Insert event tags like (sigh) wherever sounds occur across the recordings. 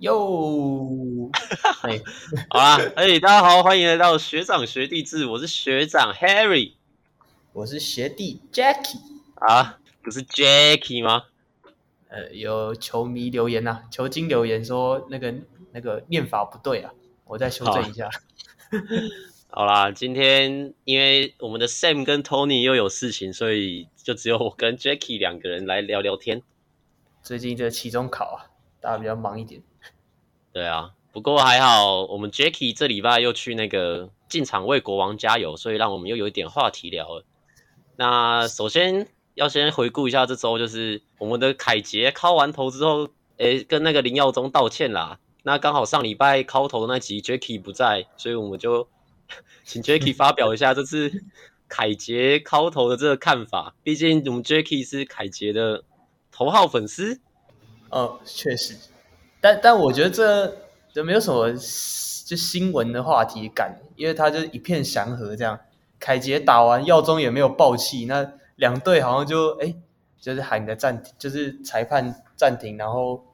喲、 (laughs) 欸，好啦，嘿、欸，大家好，歡迎來到學長學弟制。我是學長 Harry，我是學弟 Jacky 啊，不是 Jacky 嗎？呃，有球迷留言吶、啊，球經留言說那個那個念法不對啊，我再修正一下好、啊。好啦，今天因為我們的 Sam 跟 Tony 又有事情，所以就只有我跟 Jacky 兩個人來聊聊天。最近這期中考啊，大家比較忙一點。對啊，不過還好，我們 Jacky 這禮拜又去那個進場為國王加油，所以讓我們又有一點話題聊了。那首先要先回顧一下這週，就是我們的凱傑敲完頭之後誒，跟那個林耀宗道歉啦。那剛好上禮拜敲頭那集 Jacky 不在，所以我們就請 Jacky 發表一下這次 (laughs) 凱傑敲頭的這個看法。畢竟我們 Jacky 是凱傑的頭號粉絲，哦，確實。但但我覺得這就沒有什麼就新聞的話題感，因為他就一片祥和這樣。凱杰打完，耀宗也沒有爆氣，那兩隊好像就哎，就是喊個暫停，就是裁判暫停，然後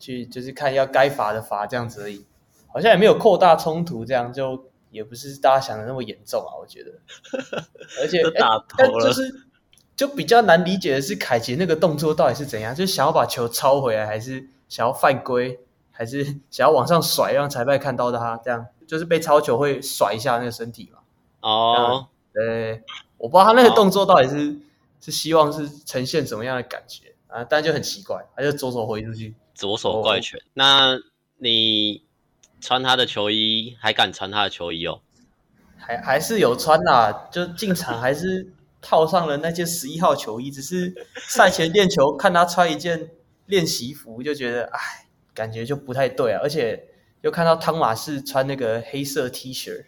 去就是看要該罰的罰這樣子而已，好像也沒有擴大衝突，這樣就也不是大家想的那麼嚴重啊。我覺得，而且 (laughs) 但就是就比較難理解的是，凱杰那個動作到底是怎樣，就想要把球抄回來，還是想要犯規？還是想要往上甩，讓裁判看到他這樣，就是被抄球會甩一下那個身體嘛。哦、oh.，對我不知道他那個動作到底是、oh. 是希望是呈現怎麼樣的感覺啊，但就很奇怪，他就左手揮出去，左手怪拳。那你穿他的球衣還敢穿他的球衣哦？還還是有穿吶、啊，就進場還是套上了那件十一號球衣， (laughs) 只是賽前練球看他穿一件練習服就覺得唉。感覺就不太對啊，而且又看到湯馬士穿那個黑色 T 恤，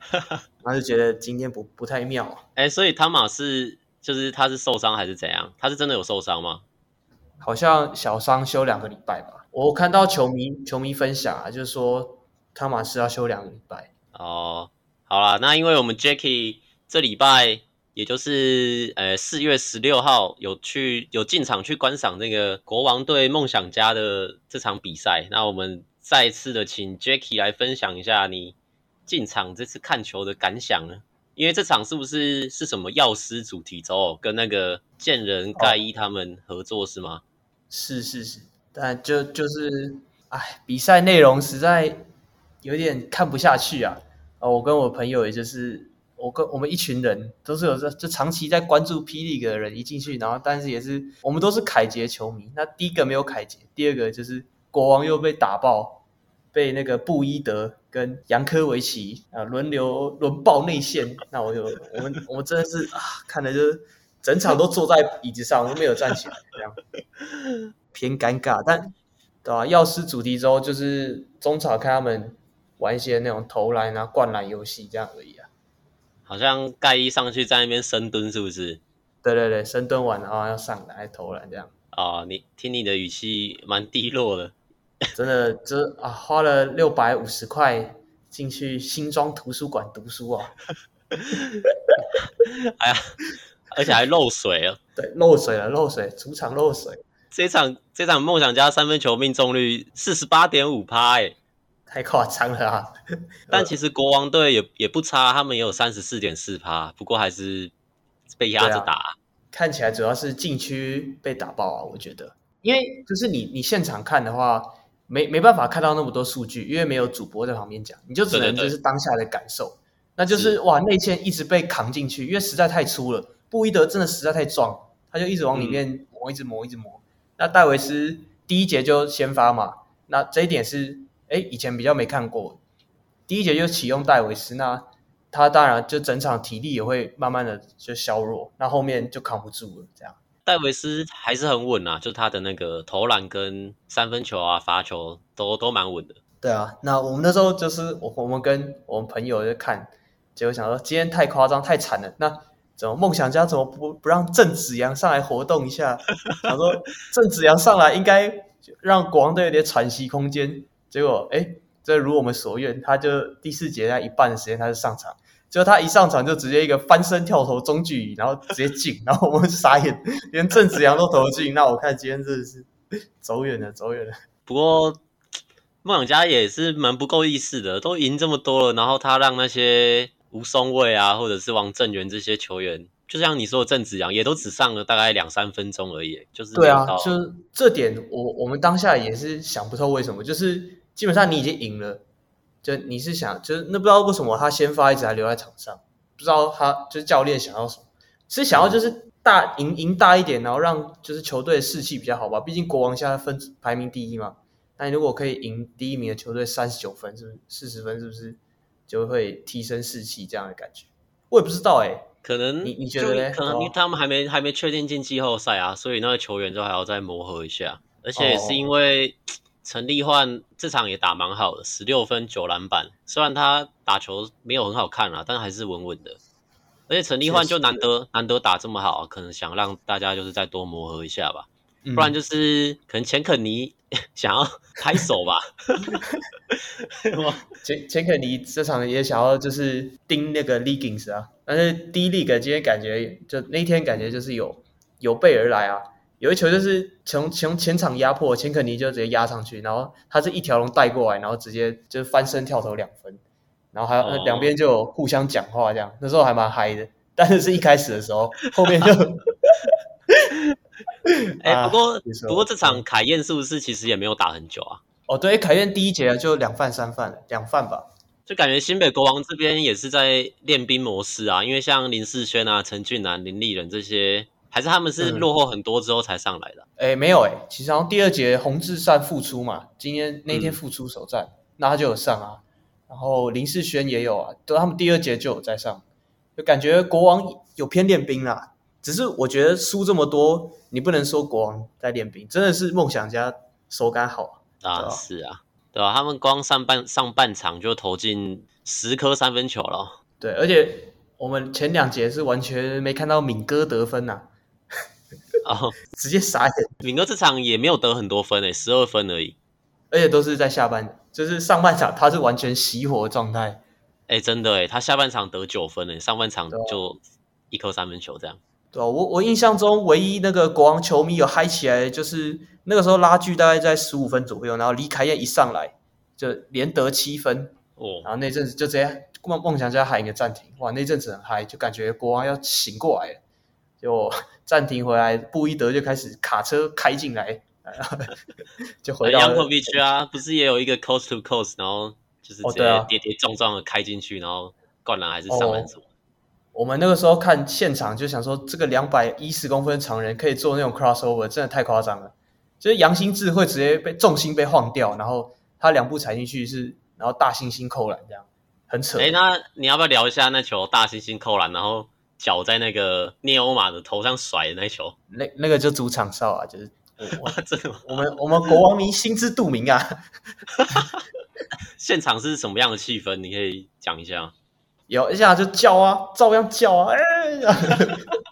(laughs) 然後就覺得今天不不太妙。哎，所以湯馬士就是他是受傷還是怎樣？他是真的有受傷嗎？好像小傷休兩個禮拜吧。我看到球迷球迷分享，啊，就是說湯馬士要休兩個禮拜。哦，好啦，那因為我們 Jacky 這禮拜。也就是，呃，四月十六號有去有進場去觀賞那個國王對夢想家的這場比賽。那我們再一次的請 Jacky 來分享一下你進場這次看球的感想呢？因為這場是不是是什麼藥師主題週，哦，跟那個健人蓋伊他們合作是嗎？哦，是是是，但就就是，哎，比賽內容實在有點看不下去啊。哦，我跟我朋友也就是。我跟我們一群人都是有這這長期在關注 P League 的人，一進去，然後但是也是我們都是凱捷球迷。那第一個沒有凱捷，第二個就是國王又被打爆，被那個布伊德跟揚科維奇啊輪流輪爆內線。那我就我們我們真的是啊，看的就是整場都坐在椅子上，都沒有站起來，這樣偏尷尬。但對吧、啊？藥師主題之後就是中場看他們玩一些那種投籃、啊，灌籃遊戲這樣而已。好像蓋伊上去在那邊深蹲，是不是？對對對，深蹲完然後要上來投籃這樣。哦，你聽你的語氣蠻低落的。真的，這啊花了六百五十塊進去新莊圖書館讀書啊、哦。 (laughs) 哎呀，而且還漏水了。 (laughs) 對，漏水了，漏水，主場漏水。這場這場夢想家三分球命中率四十八點五趴。哎。太誇張了啊！但其實國王隊也也不差，他們也有三十四點四趴，不過還是被壓着打啊啊。看起來主要是禁區被打爆啊，我覺得，因為就是你你現場看的話，沒沒辦法看到那麼多數據，因為沒有主播在旁邊講，你就只能就是當下的感受，對對對，那就是哇內線一直被扛進去，因為實在太粗了，布伊德真的實在太壯，他就一直往裡面磨，嗯，一直磨，一直磨。那戴維斯第一節就先發嘛，那這一點是。哎、欸，以前比較沒看過，第一節就啟用戴維斯，那他當然就整場體力也會慢慢的就削弱，那後面就扛不住了。這樣，戴維斯還是很穩啊，就他的那個投籃跟三分球啊，罰球都都蠻穩的。對啊，那我們那時候就是我我們跟我們朋友就看，結果想說今天太誇張太慘了，那怎麼夢想家怎麼不不讓鄭子陽上來活動一下？他 (laughs) 說鄭子陽上來應該讓國王隊有點喘息空間。結果哎，這如我們所願，他就第四節在一半的時間他就上場，結果他一上場就直接一個翻身跳投中距離，然後直接進， (laughs) 然後我們就傻眼，連鄭子陽都投進， (laughs) 那我看今天真的是走遠了，走遠了。不過夢想家也是蠻不夠意思的，都贏這麼多了，然後他讓那些吳松蔚啊，或者是王正元這些球員，就像你說的鄭子陽，也都只上了大概兩三分鐘而已，就是那樣。對啊，就是這點我我們當下也是想不透為什麼，就是。基本上你已經贏了，就你是想就是那，不知道為什麼他先發一直還留在場上，不知道他就是教練想要什麼，是想要就是大贏贏大一點，然後讓就是球隊的士氣比較好吧。畢竟國王現在分排名第一嘛，那如果可以贏第一名的球隊三十九分是不是？四十分是不是就會提升士氣這樣的感覺？我也不知道哎、欸，可能你你覺得呢，你可能他們還沒還沒確定進季後賽啊，所以那個球員就還要再磨合一下，而且也是因為。哦陳立煥這場也打蠻好的，十六分九籃板，雖然他打球沒有很好看了，啊，但還是穩穩的。而且陳立煥就難得難得打這麼好，可能想讓大家就是再多磨合一下吧，嗯、不然就是可能錢肯尼想要開手吧。哈 (laughs) 嗎？ (laughs) 錢錢肯尼這場也想要就是盯那個 Leggings 啊，但是 D League 今天感覺就那天感覺就是有有備而來啊。有一球就是從從前場壓迫，錢肯尼就直接壓上去，然後他是一條龍帶過來，然後直接就是翻身跳投兩分，然後還有兩邊就互相講話這樣、哦，那時候還蠻嗨的。但是是一開始的時候，後面就 (laughs) (laughs) 哎，不過不過這場凱燕是不是其實也沒有打很久啊？哎、哦，對，凱燕第一節就兩犯三犯兩犯吧，就感覺新北國王這邊也是在練兵模式啊，因為像林世軒啊、陳俊南、啊、林立人這些。還是他們是落後很多之後才上來的？誒、嗯、欸、沒有誒、欸、其實然後第二節洪志善復出嘛，今天那一天復出首戰、嗯，那他就有上啊。然後林世宣也有啊，對，他們第二節就有在上，就感覺國王有偏練兵啦。只是我覺得輸這麼多，你不能說國王在練兵，真的是夢想家手感好啊。啊，是啊，對吧、啊？他們光上半上半場就投進十顆三分球了。對，而且我們前兩節是完全沒看到敏哥得分吶、啊。然、oh, 後直接傻眼。明哥這場也沒有得很多分誒、欸，十二分而已。而且都是在下半，就是上半場他是完全熄火的狀態。哎、欸，真的哎、欸，他下半場得九分了，、欸，上半場就一顆三分球這樣。對、哦，我我印象中唯一那個國王球迷有嗨起來，就是那個時候拉鋸大概在十五分左右，然後李愷諺一上來就連得七分哦，oh. 然後那陣子就這樣，夢夢想家喊一個暫停，哇，那陣子很嗨，就感覺國王要醒過來了。就暫停回來，布伊德就開始卡車開進來， (laughs) (laughs) 就回到。很像 Kobe 區啊、嗯，不是也有一個 coast to coast，然後就是直接跌跌撞撞的開進去、哦啊，然後灌籃還是上籃、哦。我們那個時候看現場就想說，這個兩百一十公分長人可以做那種 crossover，真的太誇張了。就是楊興智會直接被重心被晃掉，然後他兩步踩進去是，然後大猩猩扣籃這樣，很扯。誒、欸、那你要不要聊一下那球大猩猩扣籃？然後。腳在那個聶歐馬的頭上甩的那一球，那那個就主場哨啊，就是我這我、啊、我們我們國王迷心知肚明啊。 (laughs) (laughs) 現場是什麼樣的氣氛？你可以講一下。有一下就叫啊，照樣叫啊，哈、哎，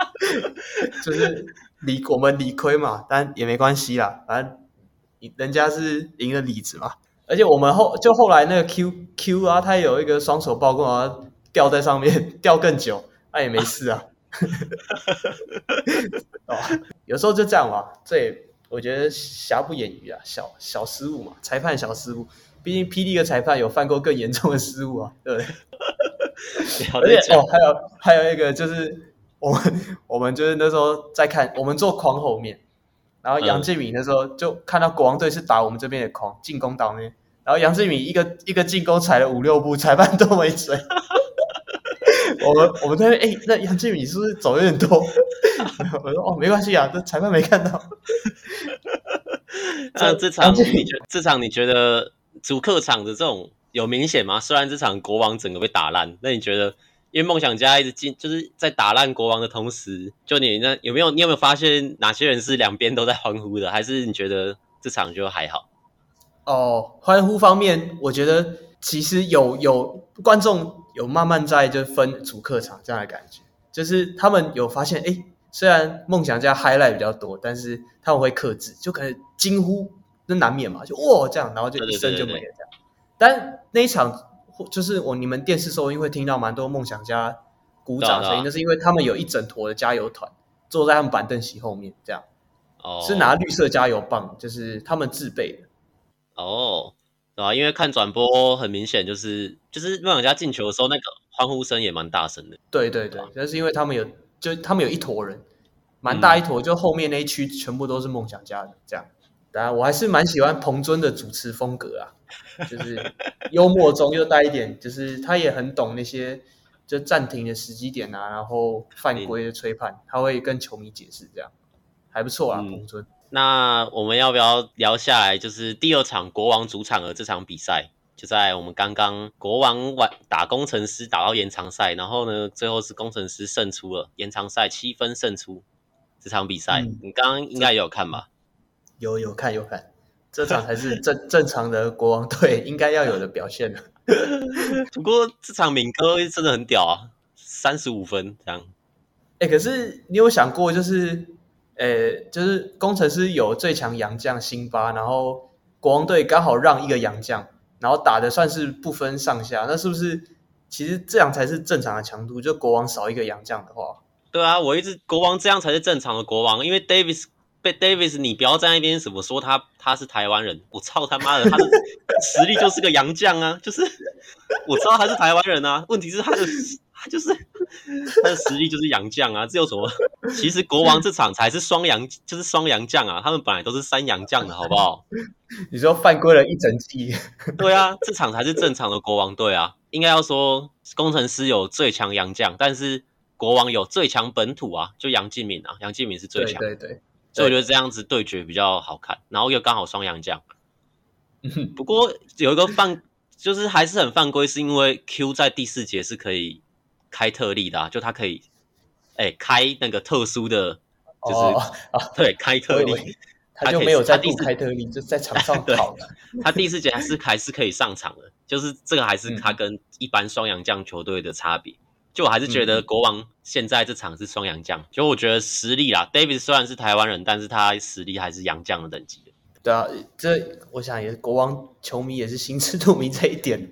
(laughs) 就是理我們理虧嘛，但也沒關係啦，反正人家是贏了裡子嘛，而且我們後就後來那個 Q Q 啊，他有一個雙手抱框啊，吊在上面吊更久。那、哎、也沒事啊，哈、 (laughs) (laughs) 哦，有時候就這樣啊。這也我覺得瑕不掩瑜啊，小小失誤嘛，裁判小失誤。畢竟 P. League 的裁判有犯過更嚴重的失誤啊、嗯，對不對？而且哦，還有還有一個就是，我們我們就是那時候在看，我們坐框後面，然後楊敬敏那時候就看到國王隊是打我們這邊的框進攻到那邊，然後楊敬敏一個一個進攻踩了五六步，裁判都沒追。 (laughs) 我們我們在誒，那楊敬敏，是不是走有點多？ (laughs) (laughs) 我說哦，沒關係啊，這裁判沒看到。 (laughs) (laughs) 那這場你覺，這場你覺得主客場的這種有明顯嗎？雖然這場國王整個被打爛，那你覺得，因為夢想家一直進，就是在打爛國王的同時，就你那有沒有，你有沒有發現哪些人是兩邊都在歡呼的？還是你覺得這場就還好？哦，歡呼方面，我覺得其實有有觀眾。有慢慢在，就分主客場這樣的感覺，就是他們有發現，哎、欸，雖然夢想家 highlight 比較多，但是他們會克制，就可能驚呼，那難免嘛，就哇這樣，然後就一聲就沒有。但那一場，就是我你們電視收音會聽到蠻多夢想家鼓掌聲音，就是因為他們有一整坨的加油團坐在他們板凳席後面，這樣，oh. 是拿綠色加油棒，就是他們自備的。哦、oh.。對啊，因為看轉播很明顯、就是，就是就是夢想家進球的時候，那個歡呼聲也蠻大聲的。對對對，但、啊就是因為他們有，就他們有一坨人，蠻大一坨，就後面那一區全部都是夢想家的、嗯。這樣，當然我還是蠻喜歡彭尊的主持風格啊，就是幽默中又帶一點， (laughs) 就是他也很懂那些就暫停的時機點啊，然後犯規的吹判、嗯，他會跟球迷解釋，這樣還不錯啊、嗯，彭尊。那我們要不要聊下來？就是第二場國王主場的這場比賽，就在我們剛剛國王完打攻城獅打到延長賽，然後呢，最後是攻城獅勝出了延長賽七分勝出這場比賽。你剛剛應該也有看吧、嗯？有有看有看，這場才是正 (laughs) 正常的國王隊應該要有的表現 (laughs) 不過這場敏哥真的很屌啊，三十五分這樣。哎，可是你有想過就是？呃、欸，就是攻城獅有最強洋將辛巴，然後國王隊剛好讓一個洋將，然後打的算是不分上下。那是不是其實這樣才是正常的強度？就國王少一個洋將的話，對啊，我一直國王這樣才是正常的國王，因為 Davis 被 Davis，你不要站在那邊什麼說他他是台灣人，我操他媽的，他的實力就是個洋將啊， (laughs) 就是我知道他是台灣人啊，問題是他的、就是。 (laughs) (laughs) 就是他的實力就是洋將啊， (laughs) 這有什麼？其實國王這場才是雙洋， (laughs) 就是雙洋將啊。他們本來都是三洋將的好不好？ (laughs) 你說犯規了一整季？ (laughs) 對啊，這場才是正常的國王隊啊。應該要說攻城獅有最強洋將，但是國王有最強本土啊，就楊敬敏啊，楊敬敏是最強。對對，對，對對。所以我覺得這樣子對決比較好看，然後又剛好雙洋將。 (laughs) 不過有一個犯，就是還是很犯規，是因為 Q 在第四節是可以。開特例的、啊，就他可以，哎、欸，開那個特殊的，哦、就是對，開特例、哦，他就沒有在做開特例，就在場上跑他第四節、哎、 (laughs) 還是還是可以上場的， (laughs) 就是這個還是他跟一般雙洋將球隊的差別、嗯。就我還是覺得國王現在這場是雙洋將，就我覺得實力啦。David 雖然是台灣人，但是他實力還是洋將的等級的。對啊，這我想也是國王球迷也是心知肚明這一點。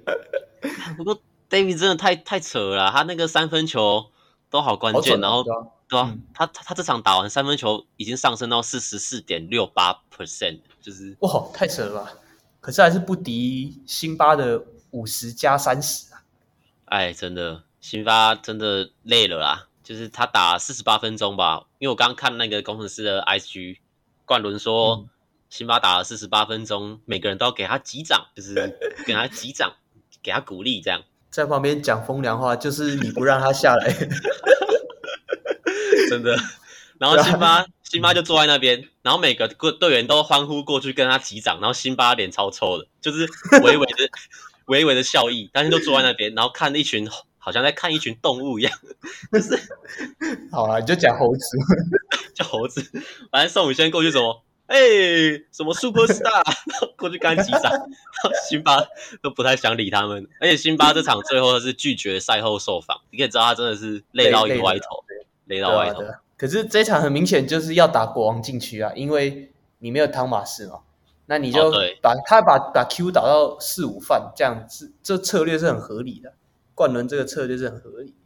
不 (laughs) 過。David 真的太太扯了，他那個三分球都好關鍵、啊，然後對啊，嗯、他他這場打完三分球已經上升到四十四點六八 percent，就是哇太扯了吧，可是還是不敵辛巴的五十加三十啊，哎真的辛巴真的累了啦，就是他打四十八分鐘吧，因為我剛看那個工程師的 IG 冠倫說辛、嗯、巴打了四十八分鐘，每個人都要給他擊掌，就是給他擊掌， (laughs) 給他鼓勵這樣。在旁邊講風涼話，就是你不讓他下來， (laughs) (laughs) 真的。然後辛巴， (laughs) 辛巴就坐在那邊，然後每個隊員都歡呼過去跟他擊掌，然後辛巴臉超臭的，就是微微的、 (laughs) 微微的笑意，但是就坐在那邊，然後看一群，好像在看一群動物一樣。不、就是， (laughs) 好啊，你就講猴子，叫 (laughs) (laughs) 猴子。反正宋宇軒過去說什麼？哎、欸，什麼 super star， (laughs) 過去幹幾場？辛 (laughs) 巴都不太想理他們，而且辛巴這場最後是拒絕賽後受訪， (laughs) 你可以知道他真的是累到一個外頭累累、啊，累到外頭。啊、可是這場很明顯就是要打國王禁區啊，因為你沒有湯馬士哦，那你就把、哦、他把把 Q 打到四五犯，這樣子，這策略是很合理的，冠倫這個策略是很合理的，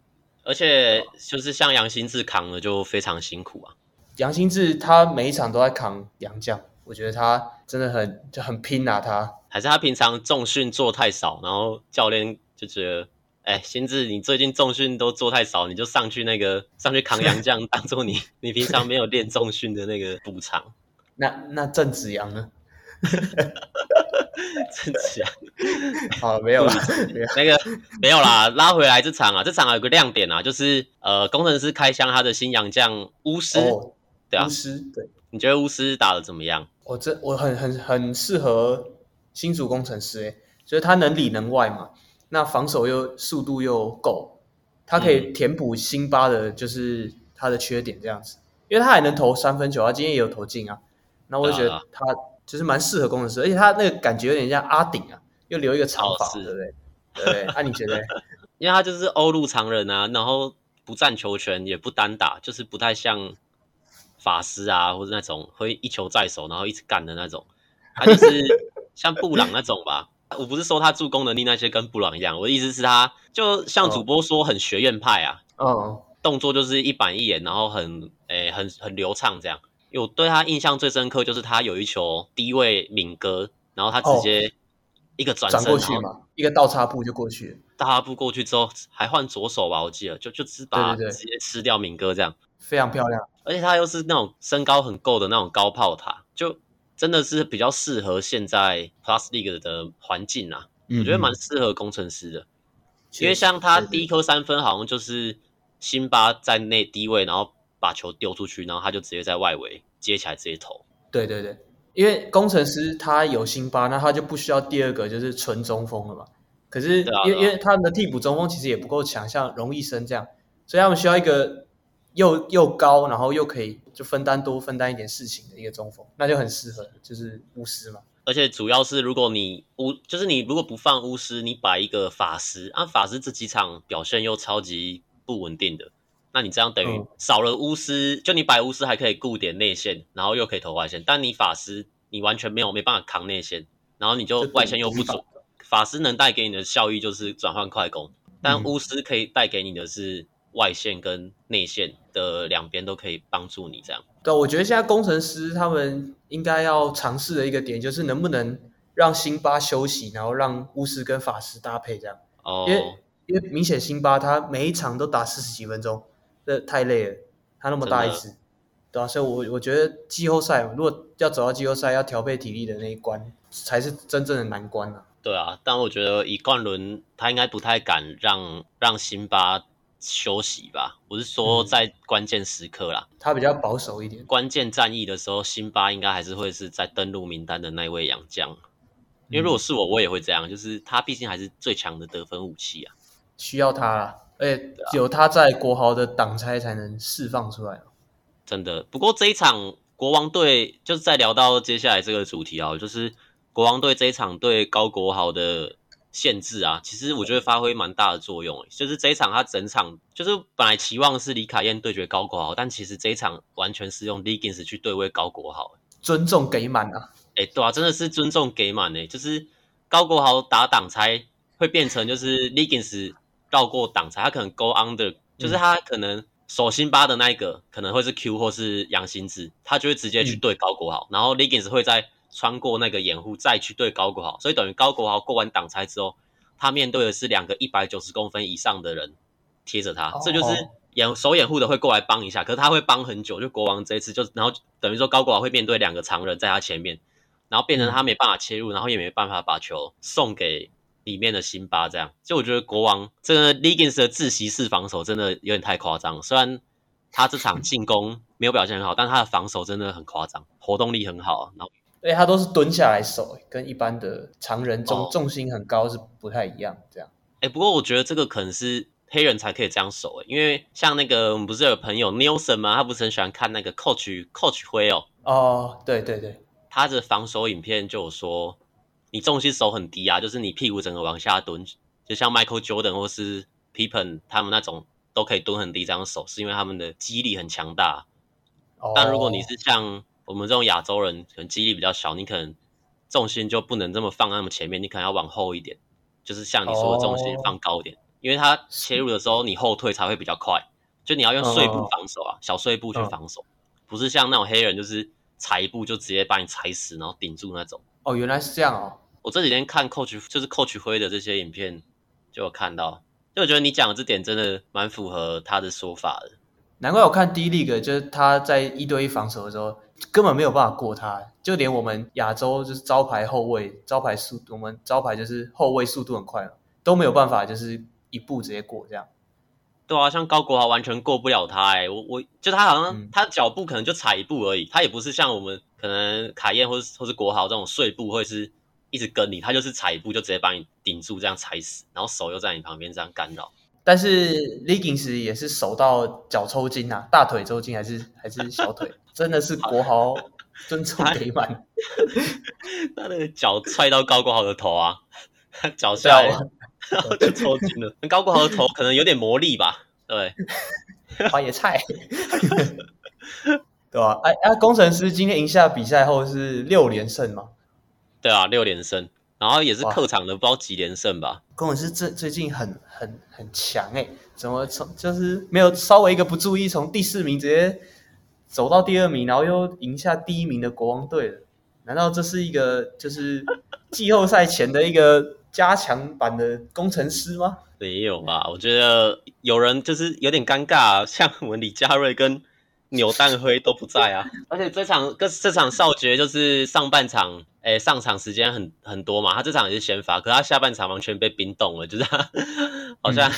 而且就是像楊心智扛了就非常辛苦啊。楊新志他每一場都在扛洋將，我覺得他真的很就很拼吶。他還是他平常重訓做太少，然後教練就覺得，哎、欸，新志你最近重訓都做太少，你就上去那個上去扛洋將，當做你你平常沒有練重訓的那個補償 (laughs) 那那鄭子陽呢？鄭子陽， (laughs) (laughs) 好沒有啦，有 (laughs) 那個沒有啦，拉回來這場啊， (laughs) 這場有個亮點啊，就是呃攻城獅開箱他的新洋將巫師、oh.。巫師、啊、對，你覺得巫師打得怎麼樣？我這我很很很適合新竹工程師哎，所、就、以、是、他能裡能外嘛，那防守又速度又夠，他可以填補辛巴的，就是他的缺點這樣子、嗯，因為他還能投三分球，他今天也有投進啊，那我就覺得他就是蠻適合攻城獅，而且他那個感覺有點像阿頂啊，又留一個長髮、哦，對不對？對，那、 (laughs) 啊、你覺得？因為他就是歐陸長人啊，然後不佔球權也不單打，就是不太像。法師啊，或者那種會一球在手，然後一直幹的那種，他就是像布朗那種吧。 (laughs) 我不是說他助攻能力那些跟布朗一樣，我的意思是，他就像主播說很學院派啊，嗯、oh. oh.，動作就是一板一眼，然後很誒、欸、很很流暢這樣。因為我對他印象最深刻就是他有一球低位敏哥，然後他直接一個轉身、啊 oh. 過去嘛，一個倒插步就過去，倒插步過去之後還換左手吧，我記得，就就只把直接吃掉敏哥這樣。對對對，非常漂亮，而且他又是那種身高很夠的那種高炮塔，就真的是比較適合現在 Plus League 的環境啊嗯嗯，我覺得蠻適合攻城獅的，因為像他第一顆三分好像就是辛巴在內低位，然後把球丟出去，然後他就直接在外圍接起來直接投。對對對，因為攻城獅他有辛巴，那他就不需要第二個就是純中鋒了嘛。可是因為因為他們的替補中鋒其實也不夠強，像榮易生這樣，所以他們需要一個。又又高，然後又可以就分擔多分擔一點事情的一個中鋒，那就很適合，就是巫師嘛。而且主要是，如果你巫就是你如果不放巫師，你擺一個法師，啊，法師這幾場表現又超級不穩定的，那你這樣等於少了巫師，嗯、就你擺巫師還可以顧點內線，然後又可以投外線，但你法師你完全沒有沒辦法扛內線，然後你就外線又不足。就是、法師能帶給你的效益就是轉換快攻，嗯、但巫師可以帶給你的是。外線跟內線的兩邊都可以幫助你這樣。對，我覺得現在攻城獅他們應該要嘗試的一個點，就是能不能讓辛巴休息，然後讓巫師跟法師搭配這樣。哦因，因為因為明顯辛巴他每一場都打四十幾分鐘，這太累了。他那麼大一隻，對啊。所以我，我我覺得季後賽如果要走到季後賽，要調配體力的那一關，才是真正的難關啊。對啊，但我覺得一冠輪他應該不太敢讓讓辛巴。休息吧，我是說在關鍵時刻啦、嗯，他比較保守一點。關鍵戰役的時候，辛巴應該還是會是在登錄名單的那位洋將、嗯，因為如果是我，我也會這樣，就是他畢竟還是最強的得分武器啊，需要他啦，而且有他在國豪的擋拆才，才能釋放出來、啊。真的，不過這一場國王隊就是在聊到接下來這個主題啊，就是國王隊這一場對高國豪的，限制啊，其實我覺得發揮蠻大的作用、嗯。就是這一場，他整場就是本來期望是李愷諺對決高國豪，但其實這一場完全是用 Legends 去對位高國豪，尊重給滿啊。誒、欸，對啊，真的是尊重給滿呢。就是高國豪打擋拆會變成就是 Legends 繞過擋拆， (laughs) 他可能 Go Under，、嗯、就是他可能手心巴的那一個可能會是 Q 或是楊興治，他就會直接去對高國豪，嗯、然後 Legends 會在。穿過那個掩護再去對高國豪，所以等於高國豪過完擋拆之後，他面對的是兩個一百九十公分以上的人貼着他，這就是掩手掩護的會過來幫一下，可是他會幫很久。就國王這一次就，然後等於說高國豪會面對兩個常人在他前面，然後變成他沒辦法切入，然後也沒辦法把球送給裡面的辛巴這樣。所以我覺得國王這個 Legends 的窒息式防守真的有點太誇張了，雖然他這場進攻沒有表現很好，但他的防守真的很誇張，活動力很好，然後。哎、欸，他都是蹲下來守，欸，跟一般的常人重，哦，重心很高是不太一樣，這樣，哎、欸，不過我覺得這個可能是黑人才可以這樣守，欸，因為像那個我們不是有朋友 Nelson 嘛，他不是很喜歡看那個 Coach Coach 灰哦。哦，對對對，他的防守影片就有說你重心手很低啊，就是你屁股整個往下蹲，就像 Michael Jordan 或是 Pippen 他們那種都可以蹲很低這樣守，是因為他們的肌力很強大。哦，但如果你是像。我們這種亞洲人可能肌力比較小，你可能重心就不能這麼放那麼前面，你可能要往後一點，就是像你說的重心放高一點、哦，因為他切入的時候你後退才會比較快，就你要用碎步防守啊，哦、小碎步去防守、哦，不是像那種黑人就是踩一步就直接把你踩死，然後頂住那種。哦，原來是這樣哦。我這幾天看 Coach 就是 Coach 輝的這些影片，就有看到，就我覺得你講的這點真的蠻符合他的說法的。難怪我看 D-League 就是他在一對一防守的時候。根本沒有辦法過他，就連我們亞洲就是招牌後衛，招牌速我們招牌就是後衛速度很快都沒有辦法就是一步直接過這樣。對啊，像高國豪完全過不了他，欸，哎，我我就他好像，嗯，他腳步可能就踩一步而已，他也不是像我們可能愷諺或者或是國豪這種碎步或者是一直跟你，他就是踩一步就直接把你頂住這樣踩死，然後手又在你旁邊這樣干擾。但是 leggings 也是手到腳抽筋啊，大腿抽筋還是還是小腿， (laughs) 真的是國豪尊崇尊重得滿。他那個腳踹到高國豪的頭啊，腳踹了、啊，然後就抽筋了。 (laughs) 高國豪的頭可能有點魔力吧？對，華也菜，對、啊、吧？哎、啊、哎，工程師今天贏下比賽後是六連勝嘛？對啊，六連勝。然後也是客場的不知道幾連勝吧？攻城獅最最近很很很強哎、欸，怎麼從就是沒有稍微一個不注意，從第四名直接走到第二名，然後又贏下第一名的國王隊了？難道這是一個就是季後賽前的一個加強版的攻城獅嗎？ (laughs) 沒有吧、啊？我覺得有人就是有點尷尬，像我們李佳瑞跟。扭蛋灰都不在啊， (laughs) 而且這場跟這場少杰就是上半場，哎、欸，上場時間很很多嘛，他這場也是先發，可是他下半場完全被冰凍了，就是他好像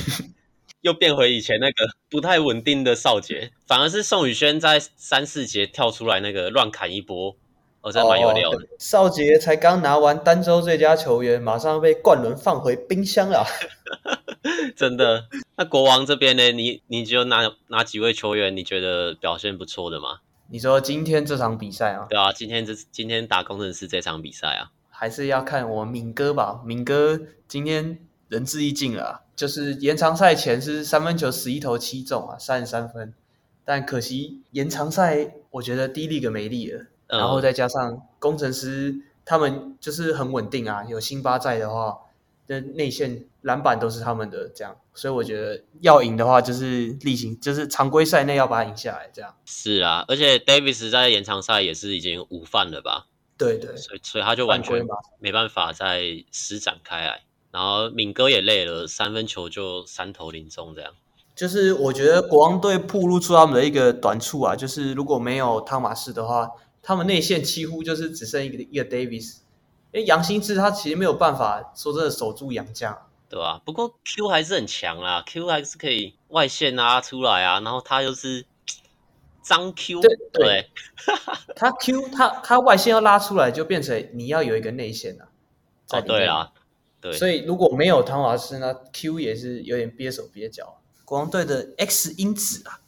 又變回以前那個不太穩定的少杰， (laughs) 反而是宋宇軒在三四節跳出來那個亂砍一波。我哦，真的蠻有料的哦。少杰才剛拿完單周最佳球員，馬上被冠倫放回冰箱了。 (laughs) 真的？那國王這邊呢？你、你只有哪、哪幾位球員？你覺得表現不錯的嗎？你說今天這場比賽啊？對啊，今天這今天打攻城獅這場比賽啊，還是要看我們敏哥吧。敏哥今天仁至義盡了啊，就是延長賽前是三分球十一投七中啊，三十三分。但可惜延長賽，我覺得低力個沒力了。然後再加上攻城獅，他們就是很穩定啊。有辛巴在的話，那內線籃板都是他們的這樣。所以我覺得要贏的話，就是例行就是常規賽內要把他贏下來這樣。是啊，而且 Davis 在延長賽也是已經五犯了吧？對對，所以所以他就完全沒辦法再施展開來。然後敏哥也累了，三分球就三投零中這樣。就是我覺得國王隊暴露出他們的一個短處啊，就是如果沒有湯馬斯的話。他們內線幾乎就是只剩一個一個 Davis，因為楊新志他其實沒有辦法說真的守住洋將，對吧？啊？不過 Q 還是很強啊，Q 還是可以外線拉出來啊，然後他又是張 Q。對，對，對， (laughs) 他 Q 他他外線要拉出來就變成你要有一個內線啊，在裡面。哦，對啊，對，所以如果沒有唐華師呢，Q 也是有點憋手憋腳啊。國王隊的 X 因子啊，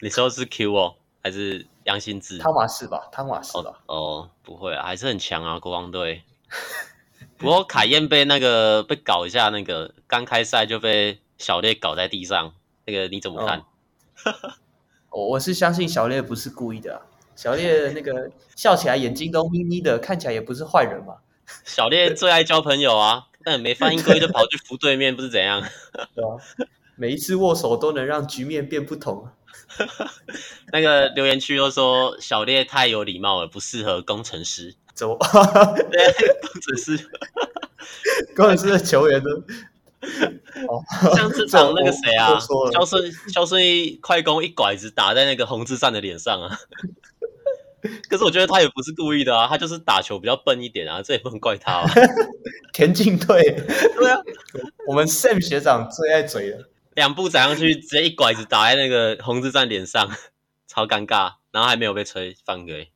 你說是 Q 哦、喔，還是？相信自己，湯馬士吧，湯馬士吧哦，哦，不會啊，還是很強啊，國王隊。不過卡宴被那個被搞一下，那個剛開賽就被小烈搞在地上，那個你怎麼看？我、哦哦、我是相信小烈不是故意的、啊，小烈那個笑起來眼睛都眯眯的，看起來也不是壞人嘛。小烈最愛交朋友啊，但沒翻譯過來就跑去扶對面對，不是怎樣，對啊，每一次握手都能讓局面變不同。哈哈，那個留言區又說小烈太有禮貌了，不適合工程師。走， (laughs) 對，工程師，工程師的球員呢？哦， (laughs) 像這場那個誰啊，肖順肖順議快攻一拐子打在那個洪志善的臉上啊。 (laughs) 可是我覺得他也不是故意的啊，他就是打球比較笨一點啊，這也不能怪他啊。 (laughs) 田徑隊，對啊， (laughs) 我們 Sam 學長最愛嘴了。兩步踩上去，直接一拐子打在那個紅字站臉上，超尷尬。然後還沒有被吹犯規。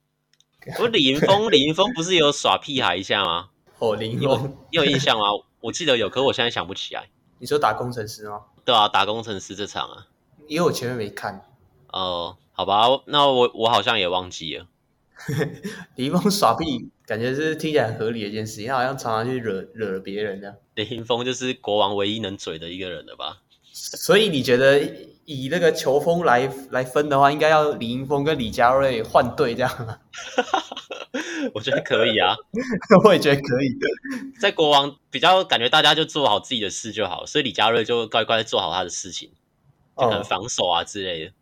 不，李雲峰，李雲峰不是有耍屁孩一下嗎？哦，李雲峰，你有印象嗎？ (laughs) 我記得有，可是我現在想不起來。你說打攻城獅嗎？對啊，打攻城獅這場啊，因為我前面沒看。哦，好吧，那我我好像也忘記了。 (laughs) 李雲峰耍屁，感覺是聽起來很合理的一件事情。他好像常常去惹惹別人這樣。李雲峰就是國王唯一能嘴的一個人了吧？所以你覺得以那個球風來來分的話，應該要李盈峰跟李佳瑞換隊這樣嗎？ (laughs) 我覺得可以啊， (laughs) 我也覺得可以的。在國王比較感覺大家就做好自己的事就好，所以李佳瑞就乖乖做好他的事情，就很防守啊之類的，哦，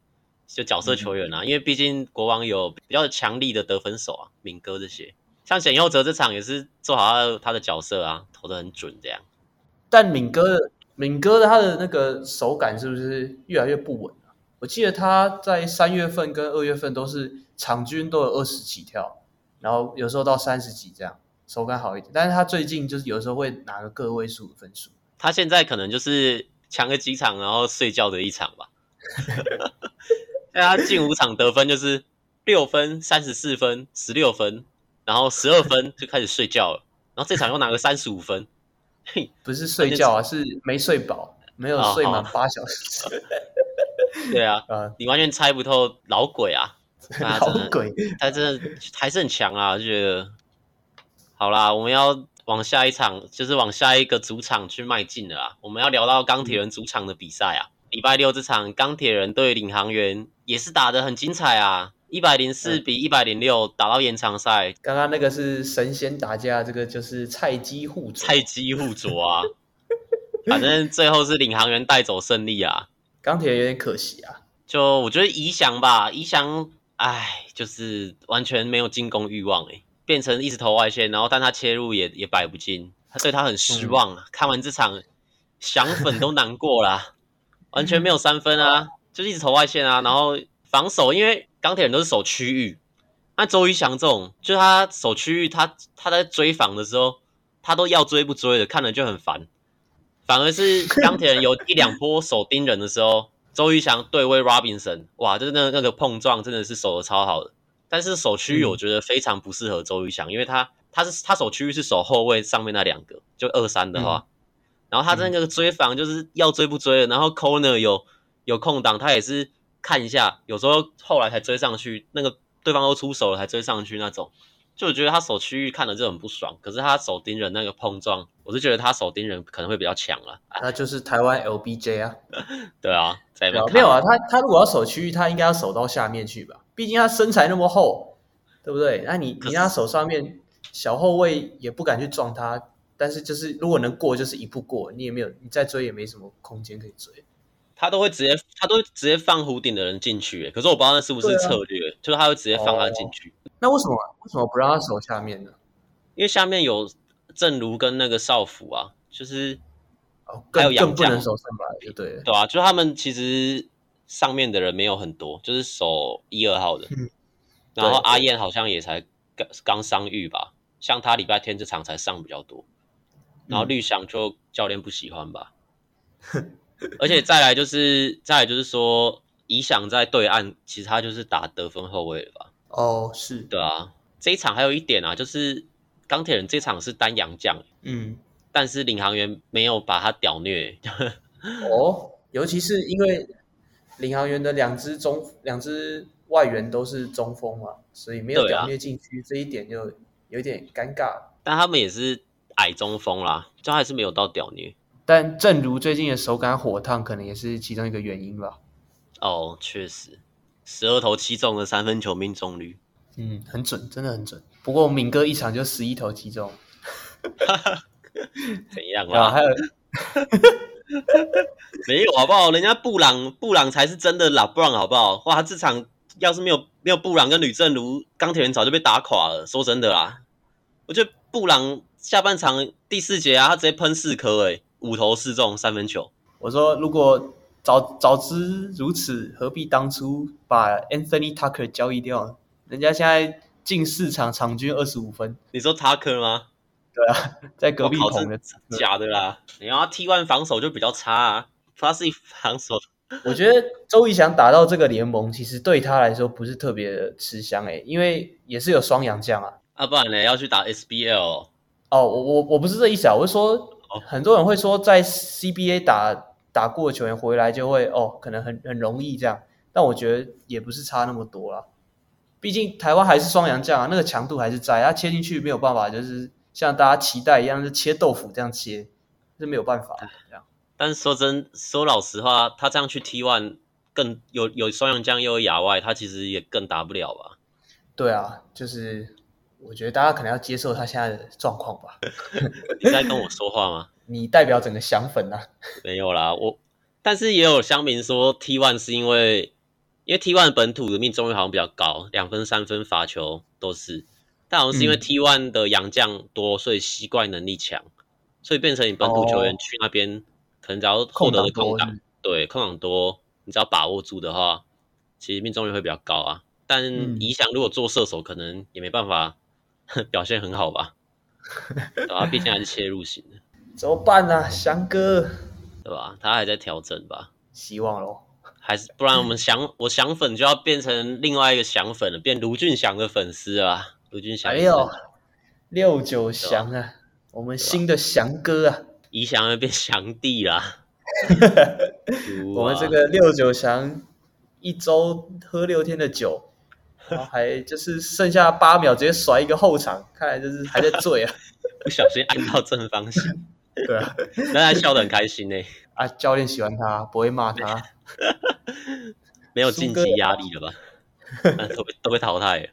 就角色球員啊。嗯、因為畢竟國王有比較強力的得分手啊，敏哥這些，像簡祐哲這場也是做好他的，他的角色啊，投得很準這樣。但敏哥。敏哥的他的那個手感是不是越來越不穩了、啊？我記得他在三月份跟二月份都是場均都有二十起跳，然後有時候到三十幾這樣，手感好一點。但是他最近就是有時候會拿個個位數的分數。他現在可能就是搶個幾場，然後睡覺的一場吧。現在 (laughs) (laughs) 他進五場得分就是六分、三十四分、十六分，然後十二分就開始睡覺了。 (laughs) 然後這場又拿個三十五分。嘿， (laughs) 不是睡覺啊，是沒睡飽，沒有睡滿八小時。啊 (laughs) 對啊， (laughs) 你完全猜不透老鬼啊，他真的，老鬼，他真的還是很強啊，我就覺得。好啦，我們要往下一場，就是往下一個主場去邁進了啊，我們要聊到鋼鐵人主場的比賽啊，禮、嗯、拜六這場鋼鐵人對領航猿也是打得很精彩啊。一百零四比一百零六打到延長賽，剛、嗯、剛那個是神仙打架，這個就是菜雞互菜雞互啄啊！ (laughs) 反正最後是領航員帶走勝利啊，鋼鐵有點可惜啊。就我覺得宜翔吧，宜翔哎，就是完全沒有進攻欲望、欸，哎，變成一直投外線，然後但他切入也也擺不進，他對他很失望啊、嗯。看完這場， (laughs) 翔粉都難過啦，完全沒有三分啊、嗯，就一直投外線啊，然後防守因為。鋼鐵人都是守區域，那周儀翔這種，就他守區域他，他他在追防的時候，他都要追不追的，看了就很煩。反而是鋼鐵人有一兩波守盯人的時候， (laughs) 周儀翔對位 Robinson 哇，就是那那個碰撞真的是守的超好的。但是守區域我覺得非常不適合周儀翔、嗯，因為他他是他守區域是守後衛上面那兩個，就二三的話、嗯，然後他那個追防就是要追不追的，然後 Corner 有有空檔，他也是。看一下，有時候後來才追上去，那個對方都出手了才追上去那種，就我覺得他守區域看的就很不爽。可是他守盯人那個碰撞，我是覺得他守盯人可能會比較強了。那就是台灣 LBJ 啊， (laughs) 對啊，在沒有啊，他他如果要守區域，他應該要守到下面去吧？畢竟他身材那麼厚，對不對？那你你讓他守上面，小後衛也不敢去撞他。但是就是如果能過，就是一步過，你也沒有，你再追也沒什麼空間可以追。他都會直接，他都會直接放弧頂的人進去。可是我不知道那是不是策略，啊、就是他會直接放他進去。哦、那為什麼為什麼不讓他守下面呢？因為下面有政儒跟那個少輔啊，就是、哦、更還有洋將，更不能上對。對啊，就是他們其實上面的人沒有很多，就是守一二號的。 (laughs) 然後阿燕好像也才剛剛傷癒吧，像他禮拜天這場才上比較多。嗯、然後綠翔就教練不喜歡吧。哼。 (laughs) (laughs) 而且再來就是，再來就是說，以翔在對岸，其實他就是打得分後衛了吧？哦，是。對啊。這一場還有一點啊,就是鋼鐵人這場是單洋將，嗯，但是領航猿沒有把他屌虐。 (laughs) 哦，尤其是因為領航猿的兩隻中，兩隻外援都是中鋒嘛，所以沒有屌虐禁區，啊，這一點就有點尷尬。但他們也是矮中鋒啦，就還是沒有到屌虐。但正如最近的手感火燙，可能也是其中一個原因吧。哦，確實，十二投七中的三分球命中率，嗯，很準，真的很準。不過敏哥一場就十一投七中，哈 (laughs) 怎樣啊？哦，還有， (laughs) (laughs) 沒有好不好？人家布朗，布朗才是真的老布朗好不好？哇，他這場要是沒有沒有布朗跟呂政儒，鋼鐵人早就被打垮了。說真的啦，我覺得布朗下半場第四節啊，他直接噴四顆誒。五投四中三分球。我說，如果早早知如此，何必當初把 Anthony Tucker 交易掉？人家現在進四場，場均二十五分。你說 Tucker 嗎？對啊，在隔壁桶的。是假的啦！ (laughs) 你要 T1 防守就比較差啊，他是一防守。 (laughs) 我覺得周儀翔打到這個聯盟，其實對他來說不是特別的吃香誒、欸，因為也是有雙洋將啊。啊，不然呢？要去打 SBL？哦，我我我不是這意思啊，我是說。很多人會說，在 CBA 打打過的球員回來就會哦，可能很很容易這樣，但我覺得也不是差那麼多啦。畢竟台灣還是雙洋將啊，那個強度還是在。他切進去沒有辦法，就是像大家期待一樣，就是、切豆腐這樣切這、就是、沒有辦法。但是說真說老實話，他這樣去 T1，更有有雙洋將又有亞外，他其實也更打不了吧？對啊，就是。我覺得大家可能要接受他現在的狀況吧。 (laughs) 你在跟我說話嗎？ (laughs) 你代表整個香粉吶、啊？ (laughs) 沒有啦，我。但是也有鄉民說，T1 是因為因為 T1 本土的命中率好像比較高，兩分三分罰球都是。但好像是因為 T1 的洋將多、嗯，所以吸怪能力強，所以變成你本土球員去那邊、哦、可能只要獲得的空檔、嗯，對，空檔多，你只要把握住的話，其實命中率會比較高啊。但你想如果做射手、嗯，可能也沒辦法。表現很好吧？啊， (laughs) 畢竟還是切入型的，怎麼辦呢、啊？翔哥，對吧？他還在調整吧？希望咯還是不然，我們翔， (laughs) 我翔粉就要變成另外一個翔粉了，變盧俊翔的粉絲啊！盧俊翔，哎呦，六九翔啊！我們新的翔哥啊！一翔要變翔弟啦！ (laughs) (laughs) 我們這個六九翔，一周喝六天的酒。然後還就是剩下八秒，直接甩一個後場，看來就是還在醉啊！ (laughs) 不小心按到正方形， (laughs) 對啊，那他笑得很開心呢。啊，教練喜歡他，不會罵他。 (laughs) 沒有晉級壓力了吧？了 (laughs) 啊、都被都被淘汰了。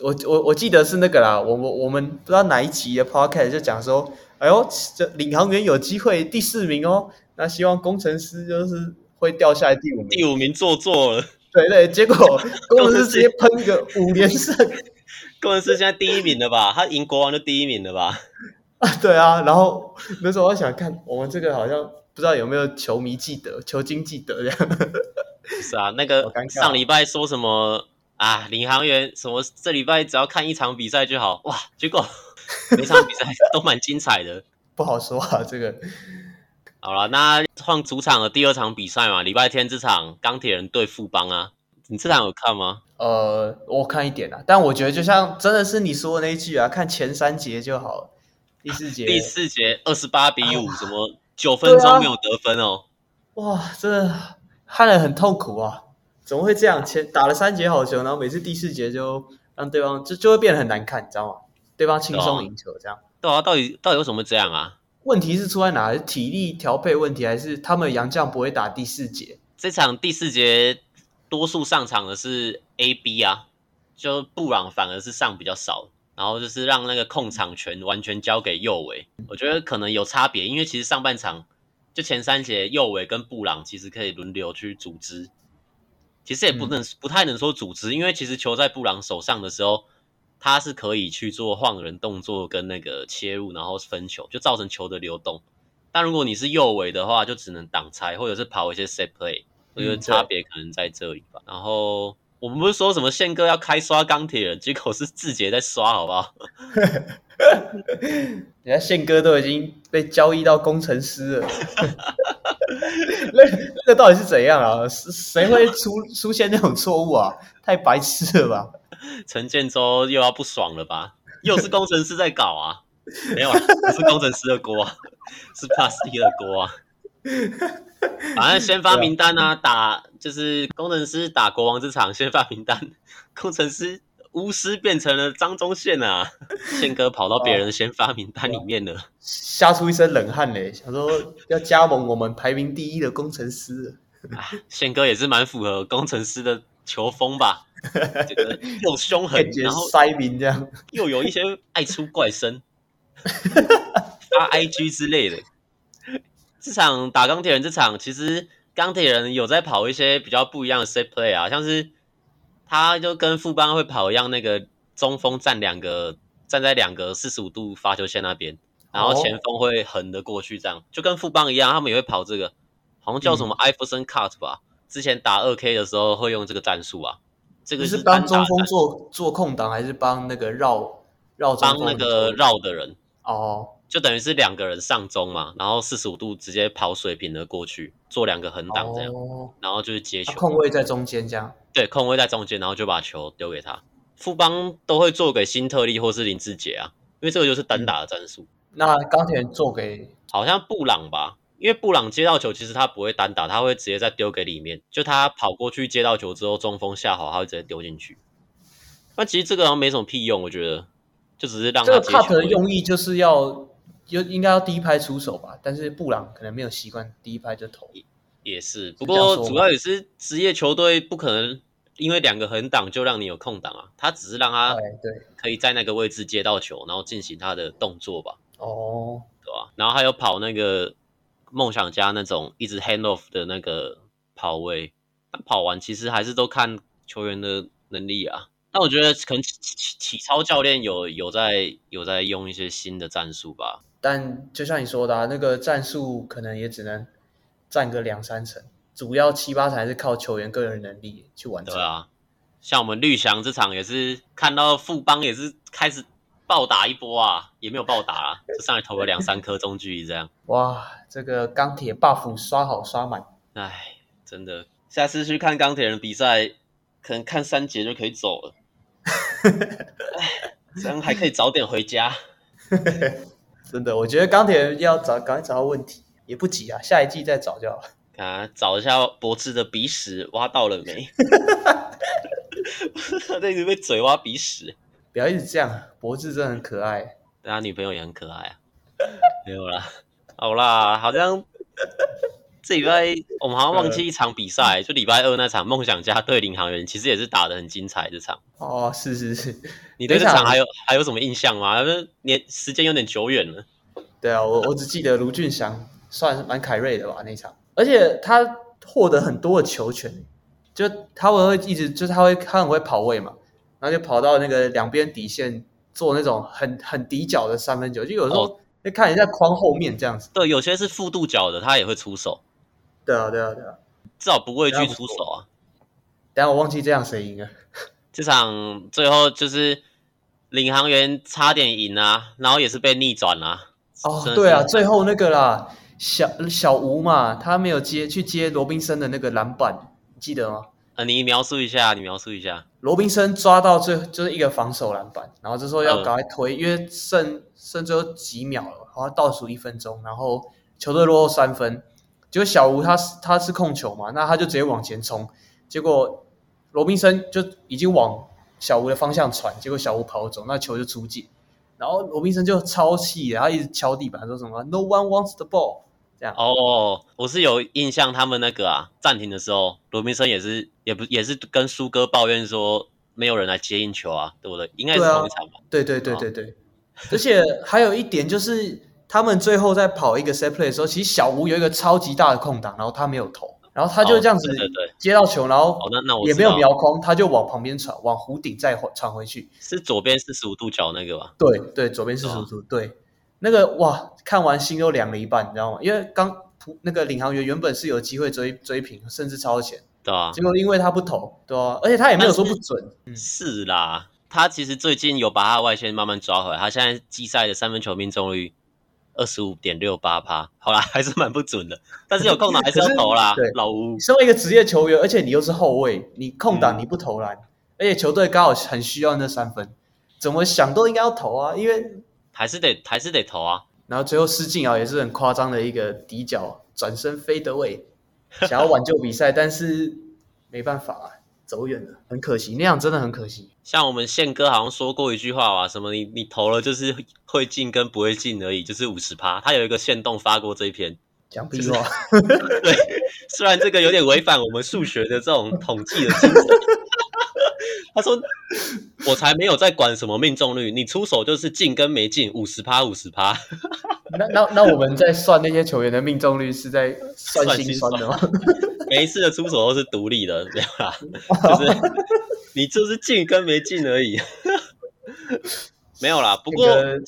我我我記得是那個啦，我我我們不知道哪一集的 podcast 就講說，哎喲這領航猿有機會第四名哦，那希望工程師就是會掉下來第五名，第五名做作了。對對，結果公司直接噴個五連勝。 (laughs) 公司現在第一名了吧？他贏國王的第一名了吧？啊，對啊。然後那時候我想看，我們這個好像不知道有沒有球迷記得，球星記得這樣。是啊，那個上禮拜說什麼啊？領航員什麼？這禮拜只要看一場比賽就好。哇，結果每場比賽都蠻精彩的， (laughs) 不好說啊，這個。好了，那放主場的第二場比賽嘛，禮拜天這場鋼鐵人對富邦啊，你這場有看嗎？呃，我看一點啦，但我覺得就像真的是你說的那一句啊，看前三節就好了，第四節第四節二十八比五，啊，什麼九分鐘，啊、沒有得分哦，喔，哇，真的看得很痛苦啊，怎麼會這樣前？前打了三節好球，然後每次第四節就讓對方就就會變得很難看，你知道嗎？對方輕鬆贏球這樣。對啊，對啊，到底到底為什麼這樣啊？問題是出在哪？是體力調配問題，還是他們洋將不會打第四節？這場第四節多數上場的是 A、B 啊，就布朗反而是上比較少，然後就是讓那個控場權完全交給右維。我覺得可能有差別，因為其實上半場就前三節右維跟布朗其實可以輪流去組織，其實也不能、嗯、不太能說組織，因為其實球在布朗手上的時候。他是可以去做晃人動作跟那個切入，然後分球，就造成球的流動。但如果你是右衛的話，就只能擋拆或者是跑一些 set play、嗯。我覺得差別可能在這裡吧。然後我們不是說什麼憲哥要開刷鋼鐵人，結果是志杰在刷，好不好？ (laughs) (laughs) (laughs) 你看憲哥都已經被交易到工程師了。 (laughs) (laughs) 那那個、到底是怎樣啊？誰會出出現這種錯誤啊？太白痴了吧！陳建州又要不爽了吧？又是工程師在搞啊？ (laughs) 沒有、啊，不是工程師的鍋、啊，是 P+ 的鍋啊！反正先發名單啊，啊打就是工程師打國王這場先發名單，工程師。巫師變成了張宗憲吶，憲哥跑到別人先發名單裡面了，嚇出一身冷汗嘞。想說要加盟我們排名第一的攻城獅，憲哥也是蠻符合攻城獅的球風吧？又凶狠，然後又有一些愛出怪聲，發 IG 之類的。這場打鋼鐵人，這場其實鋼鐵人有在跑一些比較不一樣的 set play 啊，像是。他就跟富邦會跑一樣，那個中鋒站兩個站在兩個四十五度發球線那邊，然後前鋒會橫的過去，這樣、哦、就跟富邦一樣，他們也會跑這個，好像叫什麼艾弗森 cut 吧？之前打二 K 的時候會用這個戰術啊。這個是幫中鋒做做空檔，還是幫那個繞繞中中？幫那個繞的人哦，就等於是兩個人上中嘛，然後四十五度直接跑水平的過去，做兩個橫檔這樣，哦、然後就是接球、啊。空位在中間這樣。對，空位在中間，然後就把球丟給他。富邦都會做給新特利或是林志杰啊，因為這個就是單打的戰術、嗯。那鋼鐵人做給好像布朗吧，因為布朗接到球，其實他不會單打，他會直接再丟給裡面。就他跑過去接到球之後，中鋒下好，他會直接丟進去。那其實這個好像沒什麼屁用，我覺得，就只是讓他球這個帕特的用意就是要，就應該要第一拍出手吧。但是布朗可能沒有習慣第一拍就投也。也是，不過主要也是職業球隊不可能。因為兩個橫擋就讓你有空檔啊，他只是讓他對可以在那個位置接到球，然後進行他的動作吧。哦、oh.，對吧？然後還有跑那個夢想家那種一直 hand off 的那個跑位，但跑完其實還是都看球員的能力啊。但我覺得可能體操教練有有在有在用一些新的戰術吧。但就像你說的、啊、那個戰術，可能也只能占個兩三成。主要七八，才是靠球員個人的能力去完成。對啊，像我們綠翔這場也是看到富邦也是開始暴打一波啊，也沒有暴打啊，就上來投個兩三顆中距離這樣。哇，這個鋼鐵 buff 刷好刷滿，唉，真的，下次去看鋼鐵人比賽，可能看三節就可以走了。呵 (laughs) 這樣還可以早點回家。呵呵呵，真的，我覺得鋼鐵人要找趕緊找到問題，也不急啊，下一季再找就好了。啊，找一下博子的鼻屎，挖到了沒？他 (laughs) (laughs) 一直被嘴挖鼻屎，不要一直這樣。博子真的很可愛，但他女朋友也很可愛啊。 (laughs) 沒有啦，好啦，好像 (laughs) 這禮禮拜 (laughs) 我們好像忘記一場比賽，就禮拜二那場夢想家對領航猿，其實也是打得很精彩。這場哦，是是是，你對這場還有還有什麼印象嗎？就是、年時間有點久遠了。對啊，我我只記得盧峻翔 (laughs) 算是蠻凱瑞的吧那場。而且他獲得很多的球權，就他會會一直，就是他會他很會跑位嘛，然後就跑到那個兩邊底線做那種很很底角的三分球，就有時候會看一下框後面這樣子。哦、對，有些是負度角的，他也會出手。對啊，對啊，對啊，至少不畏懼出手啊。等一下，我忘記這場誰贏了，這場最後就是領航員差點贏啊，然後也是被逆轉了，啊。哦，對啊，最後那個啦。小小吳嘛，他沒有接去接羅賓森的那個籃板，記得嗎？啊，你描述一下，你描述一下。羅賓森抓到最後就是一個防守籃板，然後這時候要趕快推、呃，因為剩剩最後幾秒了，然後倒數一分鐘，然後球隊落後三分，結果小吳他是他是控球嘛，那他就直接往前衝，結果羅賓森就已經往小吳的方向傳，結果小吳跑走，那球就出界，然後羅賓森就超氣，然後他一直敲地板，他說什麼 “No one wants the ball”。哦，我是有印象，他們那個啊，暫停的時候，羅明生也是，也不也是跟蘇哥抱怨說，沒有人來接應球啊，對不對？應該是同一場吧？對啊，對對對對對、哦。而且還有一點就是， (laughs) 他們最後在跑一個 set play 的時候，其實小吳有一個超級大的空檔，然後他沒有投，然後他就這樣子，對對，接到球，然後，那那我也沒有瞄框、哦對對對哦，他就往旁邊傳，往弧頂再傳回去，是左邊四十五度角那個吧？對對，左邊四十五度、哦，對。那個哇，看完心又涼了一半，你知道嗎？因為剛那個領航猿原本是有機會追追平甚至超前，對啊，結果因為他不投，對啊，而且他也沒有說不準，是,嗯、是啦，他其實最近有把他的外線慢慢抓回來，他現在季賽的三分球命中率二十五點六八趴，好啦，還是蠻不準的，但是有空檔還是要投啦， (laughs) 老吳，對你身為一個職業球員，而且你又是後衛，你空檔你不投籃、嗯，而且球隊剛好很需要那三分，怎麼想都應該要投啊，因為。還是得還是得投啊，然後最後失敬啊，也是很誇張的一個底角轉身 fade away，想要挽救比賽， (laughs) 但是沒辦法啊，走遠了，很可惜，那樣真的很可惜。像我們憲哥好像說過一句話吧，什麼你你投了就是會進跟不會進而已，就是五十趴。他有一個限動發過這一篇，講不如說，就是、 (laughs) 對，雖然這個有點違反我們數學的這種統計的精神。 (laughs) (laughs) 他說：“我才沒有在管什麼命中率，你出手就是進跟沒進，五十趴五十趴。那那那我們在算那些球員的命中率是在算心酸的嗎？算算每一次的出手都是獨立的，對 (laughs) 吧，就是 (laughs) 你就是進跟沒進而已， (laughs) 沒有啦。不過，呃，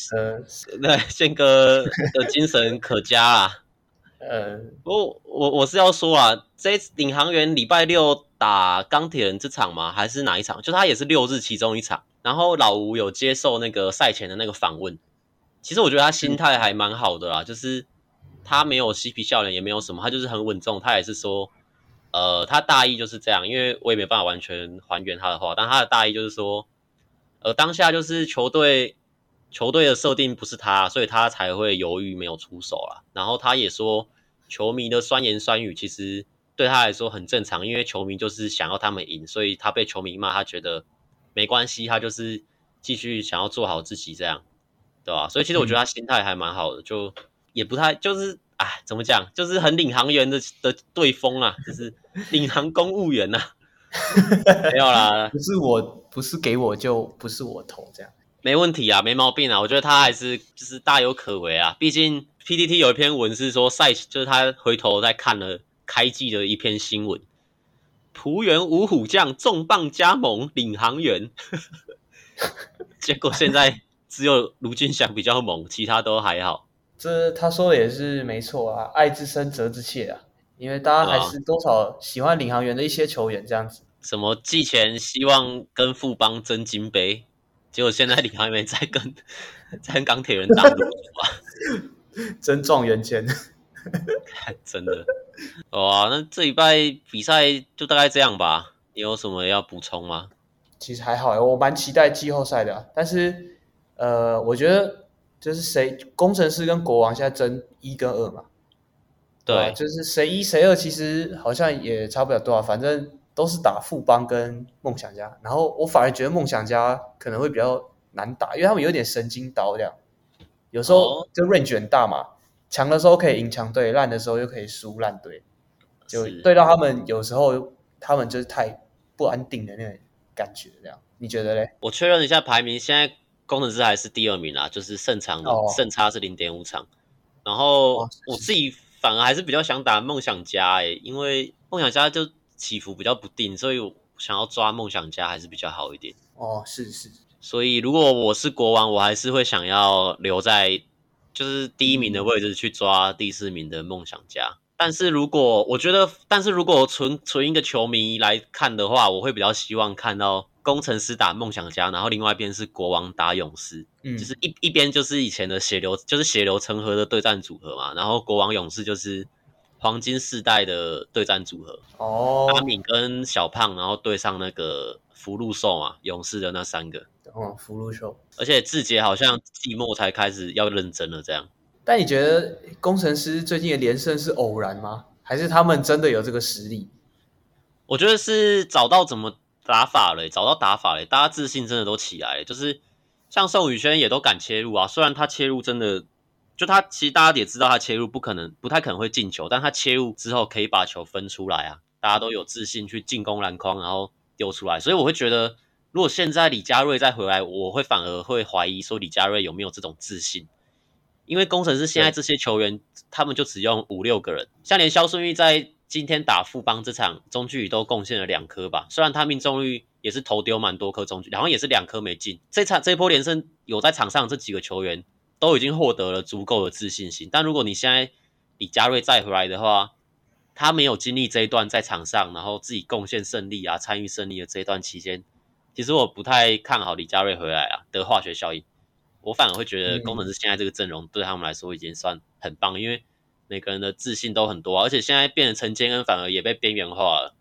憲哥的精神可嘉啦。呃，不過我我是要說啊，這一次領航猿禮拜六。”打鋼鐵人這場嗎？還是哪一場？就他也是六日其中一場。然後老吳有接受那個賽前的那個訪問。其實我覺得他心態還蠻好的啦，就是他沒有嬉皮笑臉，也沒有什麼，他就是很穩重。他也是說，呃，他大意就是這樣，因為我也沒辦法完全還原他的話，但他的大意就是說，呃，當下就是球隊球隊的設定不是他，所以他才會猶豫沒有出手啦。然後他也說，球迷的酸言酸語其實。對他來說很正常，因為球迷就是想要他們贏，所以他被球迷罵，他覺得沒關係，他就是繼續想要做好自己，這樣，對吧？所以其實我覺得他心態還蠻好的，Okay. 就也不太就是哎，怎麼講，就是很領航猿的的隊風啊，就是領航公務員吶、啊。 (laughs) 沒有啦， (laughs) 不是我，不是給我就不是我投這樣，沒問題啊，沒毛病啊。我覺得他還是就是大有可為啊，畢竟 PTT 有一篇文是說賽，就是他回頭再看了。開季的一篇新聞，璞園五虎將重磅加盟領航猿， (laughs) 結果現在只有盧俊祥比較猛，其他都還好。這他說的也是沒錯啊，愛之深責之切啊，因為大家還是多少喜歡領航猿的一些球員這樣子。什麼季前希望跟富邦爭金杯，結果現在領航猿在跟跟鋼鐵人打賭啊， (laughs) 的話 (laughs) 真狀元籤， (laughs) (laughs) 真的。哦，那這禮拜比賽就大概這樣吧，你有什麼要補充嗎？其實還好、欸，我蠻期待季後賽的。但是，呃，我覺得就是誰攻城獅跟國王現在爭一跟二嘛。對，就是誰一誰二，其實好像也差不了多少、啊，反正都是打富邦跟夢想家。然後我反而覺得夢想家可能會比較難打，因為他們有點神經刀這樣，有時候就 range 很大嘛。哦強的時候可以贏強隊，爛的時候又可以輸爛隊，就對到他們有時候他們就是太不安定的那種感覺。這樣你覺得嘞？我確認一下排名，現在攻城獅還是第二名啦，就是勝場、哦、勝差是零點五場。然後我自己反而還是比較想打夢想家、欸，誒、哦，因為夢想家就起伏比較不定，所以我想要抓夢想家還是比較好一點。哦，是，是是。所以如果我是國王，我還是會想要留在。就是第一名的位置去抓第四名的夢想家、嗯，但是如果我覺得，但是如果純純一個球迷來看的話，我會比較希望看到攻城獅打夢想家，然後另外一邊是國王打勇士，嗯，就是一一邊就是以前的血流，就是血流成河的對戰組合嘛，然後國王勇士就是黃金世代的對戰組合，哦，阿敏跟小胖，然後對上那個福祿壽嘛，勇士的那三個。哦、嗯，福祿壽。而且自己好像季末才開始要認真了，這樣。但你覺得攻城獅最近的連勝是偶然嗎？還是他們真的有這個實力？我覺得是找到怎麼打法了、欸，找到打法了、欸，大家自信真的都起來了。就是像宋宇軒也都敢切入啊，雖然他切入真的，就他其實大家也知道他切入不可能，不太可能會進球，但他切入之後可以把球分出來啊，大家都有自信去進攻籃筐，然後丟出來，所以我會覺得。如果現在李佳瑞再回來，我會反而會懷疑說李佳瑞有沒有這種自信，因為攻城獅現在這些球員，他們就只用五六個人，像連蕭順議在今天打富邦這場中距離都貢獻了兩顆吧，雖然他命中率也是投丟蠻多顆中距，然後也是兩顆沒進。這場這一波連勝有在場上這幾個球員都已經獲得了足夠的自信心，但如果你現在李佳瑞再回來的話，他沒有經歷這一段在場上，然後自己貢獻勝利啊，參與勝利的這一段期間。其實我不太看好李家瑞回來啊的化學效應，我反而會覺得攻城獅現在這個陣容對他們來說已經算很棒，因為每個人的自信都很多啊。而且現在變成陳堅恩反而也被邊緣化了。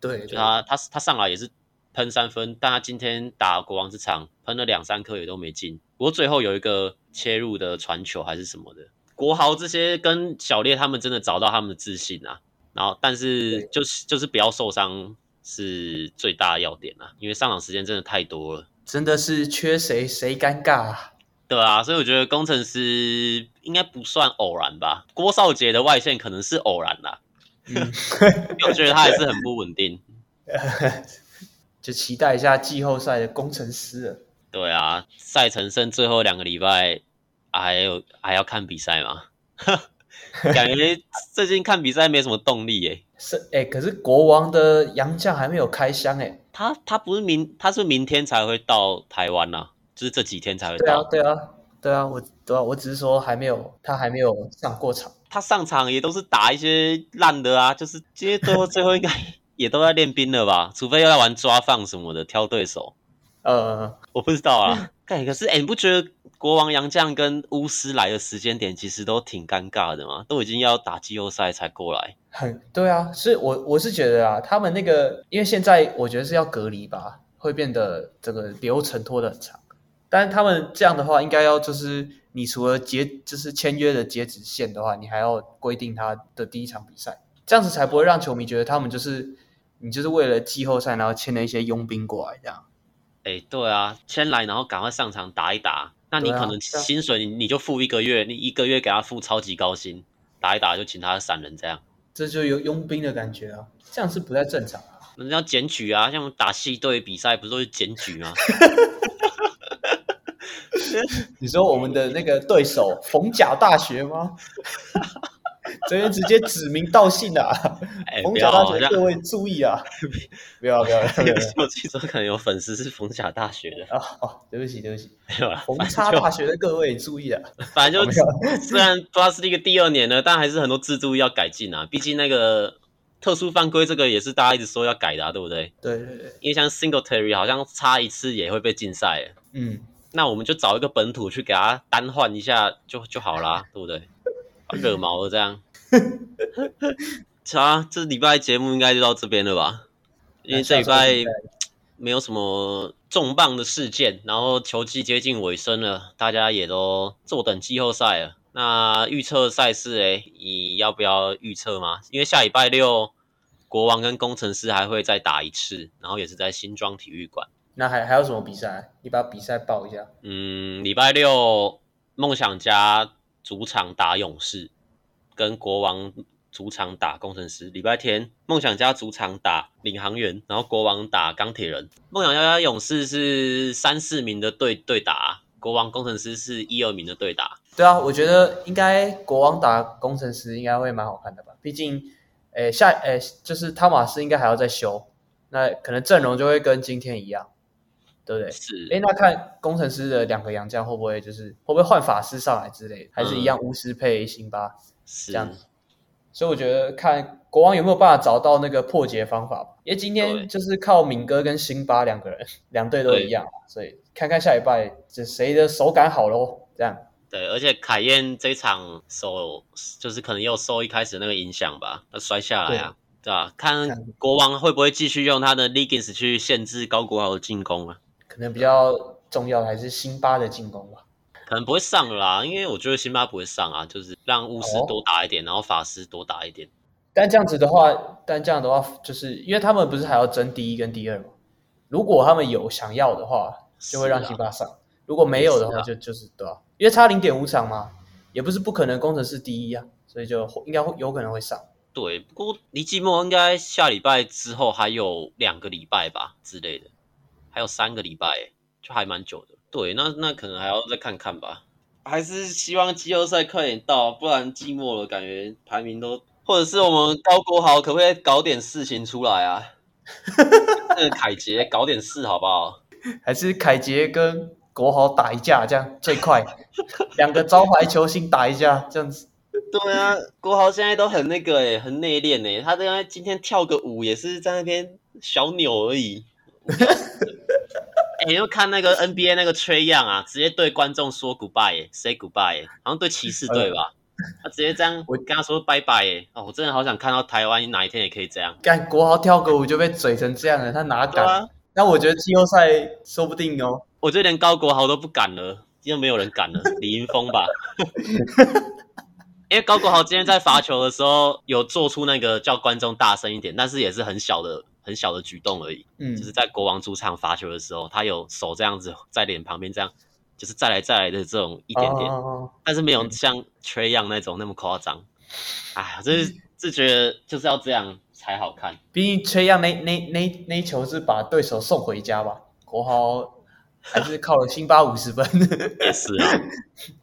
對，就他，他他上來也是噴三分，但他今天打國王這場噴了兩三顆也都沒進，不過最後有一個切入的傳球還是什麼的。國豪這些跟小烈他們真的找到他們的自信啊，然後但是就是就是不要受傷。是最大的要點啊，因為上場時間真的太多了，真的是缺誰誰尷尬啊。對啊，所以我覺得攻城獅應該不算偶然吧？郭少杰的外線可能是偶然啦。嗯， (laughs) 我覺得他還是很不穩定。 (laughs) 對 (laughs) 就期待一下季後賽的攻城獅了。對啊，賽程剩最後兩個禮拜，還有還要看比賽嗎？ (laughs) (laughs) 感覺最近看比賽沒什麼動力誒、欸，是誒、欸，可是國王的洋將還沒有開箱誒、欸，他他不是明，他是，是明天才會到台灣吶、啊，就是這幾天才會到。對啊，對啊，對啊，我對啊，我只是說還沒有，他還沒有上過場。他上場也都是打一些爛的啊，就是接多，最後應該也都在練兵了吧， (laughs) 除非要玩抓放什麼的挑對手。呃，我不知道啊。但 (laughs) 可是哎、欸，你不覺得國王洋將，跟巫師來的時間點其實都挺尷尬的嗎？都已經要打季後賽才過來。很對啊，所以我我是覺得啊，他們那個因為現在我覺得是要隔離吧，會變得整個流程拖得很長。但是他們這樣的話，應該要就是你除了結就是簽約的截止線的話，你還要規定他的第一場比賽，這樣子才不會讓球迷覺得他們就是你就是為了季後賽然後簽了一些傭兵過來這樣。哎、欸，對啊，先來，然後趕快上場打一打。啊、那你可能薪水，你就付一個月，你一個月給他付超級高薪，打一打就請他閃人，這樣，這就有傭兵的感覺啊，這樣是不太正常啊。那要檢舉啊，像打系隊比賽不是都是檢舉嗎 (laughs) ？ (laughs) (laughs) 你說我們的那個對手逢甲大學嗎？ (laughs) 這邊直接指名道姓的、啊 (laughs) 欸，逢甲大學各位注意啊、欸！不要 (laughs) 有不要， (laughs) 有我聽說可能有粉絲是逢甲大學的啊、哦！哦，對不起對不起，沒有啦逢叉大學，的各位注意啊！反！反正就、哦、雖然巴西這個第二年了， (laughs) 但還是很多制度要改進啊。畢竟那個特殊犯規這個也是大家一直說要改的、啊，對不對？對對對，因為像 Singletary 好像差一次也會被禁賽，嗯，那我們就找一個本土去給他單換一下就就好啦， (laughs) 對不對？惹毛了這樣。 (laughs) 哈，好啊，這禮拜節目應該就到這邊了吧？因為這禮拜沒有什麼重磅的事件，然後球季接近尾聲了，大家也都坐等季後賽了。那預測賽事、欸，誒，你要不要預測嗎？因為下禮拜六國王跟攻城獅還會再打一次，然後也是在新莊體育館。那還還有什麼比賽、啊？你把比賽報一下。嗯，禮拜六夢想家主場打勇士。跟國王主場打攻城獅，禮拜天夢想家主場打領航猿，然後國王打鋼鐵人。夢想家幺勇士是三四名的對對打，國王攻城獅是一二名的對打。對啊，我覺得應該國王打攻城獅應該會蠻好看的吧？畢竟，誒下誒就是湯馬斯應該還要再修，那可能陣容就會跟今天一樣，對不對？是。誒，那看攻城獅的兩個洋將會不會就是會不會換法師上來之類，還是一樣巫師配辛巴？嗯是這樣子，所以我覺得看國王有沒有辦法找到那個破解方法吧，因為今天就是靠敏哥跟辛巴兩個人，兩隊都一樣，所以看看下禮拜這誰的手感好咯，這樣。對，而且愷諺這場手就是可能又受一開始的那個影響吧，摔下來啊，對吧？看國王會不會繼續用他的 Legends 去限制高國豪的進攻啊？可能比較重要的還是辛巴的進攻吧。可能不會上啦，因為我覺得辛巴不會上啊，就是讓巫師多打一點、哦，然後法師多打一點。但這樣子的話，但這樣的話，就是因為他們不是還要爭第一跟第二嘛？如果他們有想要的話，就會讓辛巴上、啊；如果沒有的話就、啊，就就是對吧、啊？因為差零點五場嘛，也不是不可能攻城獅第一啊，所以就應該會有可能會上。對，不過離季末應該下禮拜之後還有兩個禮拜吧之類的，還有三個禮拜、欸，就還蠻久的。對，那那可能還要再看看吧。還是希望季後賽快點到，不然寂寞了，感覺排名都或者是我們高國豪可不可以搞點事情出來啊？ (laughs) 這個凱杰搞點事好不好？還是凱杰跟國豪打一架這樣最快？兩 (laughs) 個招牌球星打一架 (laughs) 這樣子。對啊，國豪現在都很那個誒、欸，很內斂誒，他剛剛今天跳個舞也是在那邊小扭而已。 (laughs) 你、欸、又看那個 NBA 那個崔樣啊、就是，直接對觀眾說 goodbye，say goodbye，好、欸、像、欸、對騎士隊吧？他、哎啊、直接這樣，我跟他說拜拜、欸。哦，我真的好想看到台灣哪一天也可以這樣。幹國豪跳個舞就被懟成這樣了，他哪敢？那、啊、我覺得季後賽說不定哦。我覺得連高國豪都不敢了，因為沒有人敢了。 (laughs) 李雲峰鋒吧， (laughs) (laughs) 因為高國豪今天在罰球的時候有做出那個叫觀眾大聲一點，但是也是很小的。很小的舉動而已，嗯，就是在國王主場罰球的時候，他有手這樣子在臉旁邊這樣，就是再來再來的這種一點點，哦、好好好，但是沒有像 Trey Young 那種那麼誇張。哎、嗯，這、就是、嗯、就覺得就是要這樣才好看。畢竟 Trey Young 那那那那球是把對手送回家吧，國豪還是靠了辛巴五十分， (laughs) 是、啊，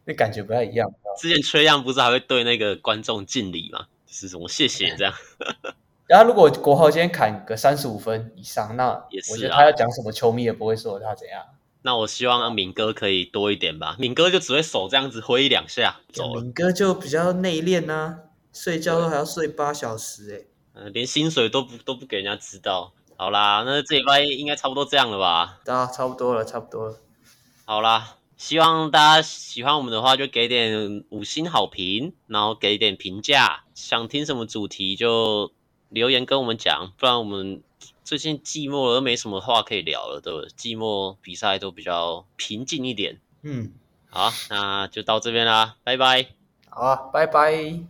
那 (laughs) 感覺不太一樣。之前 Trey Young 不是還會對那個觀眾敬禮嗎？就是什麼謝謝這樣。嗯然後，如果國豪今天砍個三十五分以上，那也是，我覺得他要講什麼，球迷也不會說他怎樣、啊。那我希望阿敏哥可以多一點吧，敏哥就只會手這樣子揮一兩下，走。敏哥就比較內斂吶、啊，睡覺都還要睡八小時、欸，哎、呃，連薪水都不都不給人家知道。好啦，那這一班應該差不多這樣了吧？啊，差不多了，差不多了。好啦，希望大家喜歡我們的話，就給點五星好評，然後給點評價，想聽什麼主題就。留言跟我們講，不然我們最近季末了，沒什麼話可以聊了，對不對？季末比賽都比較平靜一點。嗯，好，那就到這邊啦，拜拜。好啊，拜拜。